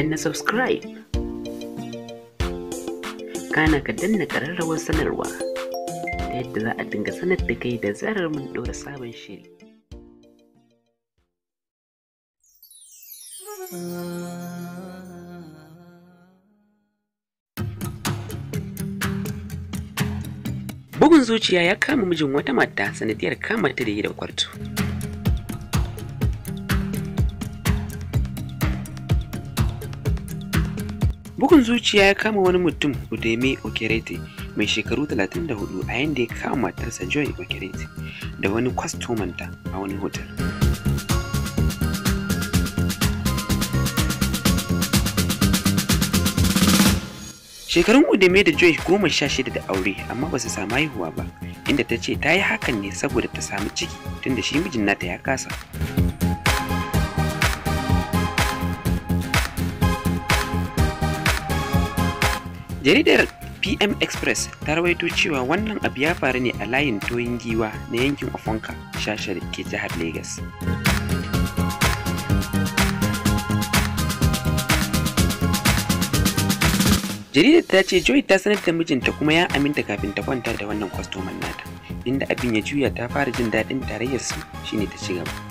danna subscribe kana ka danna ƙararrawar sanarwa ta yadda za a dinga sanar da kai da zarar mun ɗora sabon shiri bugun zuciya ya kama mijin wata mata sanadiyar kama ta da yi da kwarto bugun zuciya ya kama wani mutum udeme okerete mai shekaru 34 a yadda ya kama matarsa joy okerete da wani kwastomanta a wani hotel shekarun udeme da joy goma sha shida da aure amma ba su samu haihuwa ba inda ta ce ta yi hakan ne saboda ta samu ciki tunda shi mijin nata ya kasa jaridar pm express ta rawaito cewa wannan abu ya faru ne a layin toyin giwa na yankin Ofonka shashar ke jihar Legas. jaridar ta ce joy ta sanar da mijinta kuma ya aminta kafin ta kwanta da wannan kwastoman nata inda abin ya juya ta fara jin daɗin tarayyar su shine ta ci gaba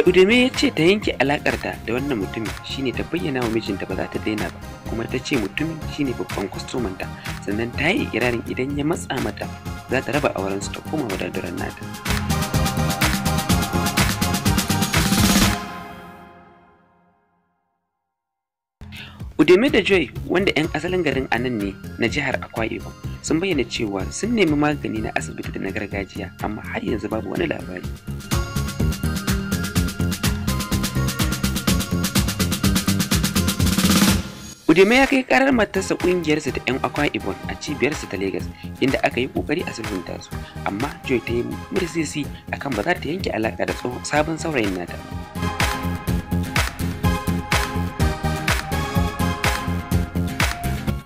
da udeme ya ce ta yanke alakarta da wannan mutumin shine ta bayyana wa mijinta ba za ta daina ba kuma ta ce mutumin shine babban ta sannan ta yi ikirarin idan ya matsa mata za ta raba auren su ta koma wadadaran nata Udeme da Joy wanda 'yan asalin garin anan ne na jihar Akwa Ibom sun bayyana cewa sun nemi magani na asibiti da na gargajiya amma har yanzu babu wani labari. Udeme ya kai karar matarsa kungiyarsa ta 'yan Akwa Ibon a cibiyarsa ta Legas inda aka yi kokari a sulhunta su amma Joy ta yi mursisi akan ba za ta yanke alaƙa da tsohon sabon saurayin nata.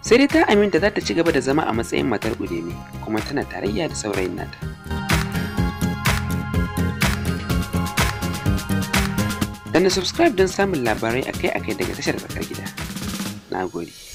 Sai dai ta aminta za ta ci gaba da zama a matsayin matar Udeme kuma tana tarayya da saurayin nata. Dana subscribe don samun labarai akai-akai daga tashar tsakar gida. 安慰你。